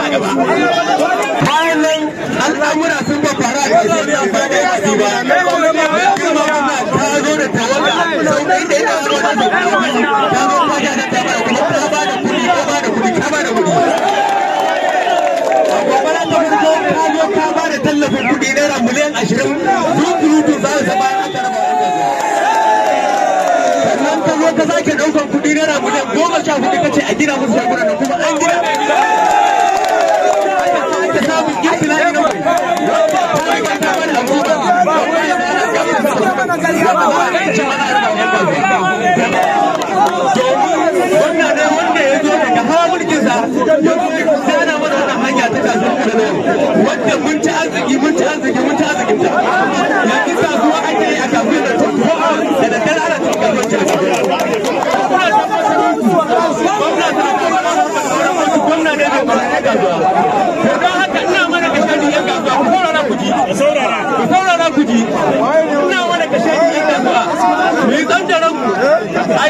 sa al'amura sun ba ta zo da ta ta ta da ta ta ba da kuɗi ta ba da ta ba da ta zo ta ba da tallafin naira miliyan ashirin zukurutu za su ba a tarba sannan ta zo ta sake ɗaukar kuɗi naira miliyan goma sha hudu ta a gina musu kuma an gina domin wannan ne wanda ya zo daga hawa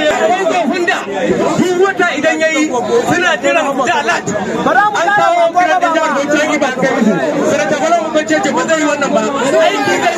ka hunda duk wata idan ya yi suna jiran da alat an kawo kira da jihar bauchi ba kai musu sanata bala mu bace ce ba zai yi wannan ba aiki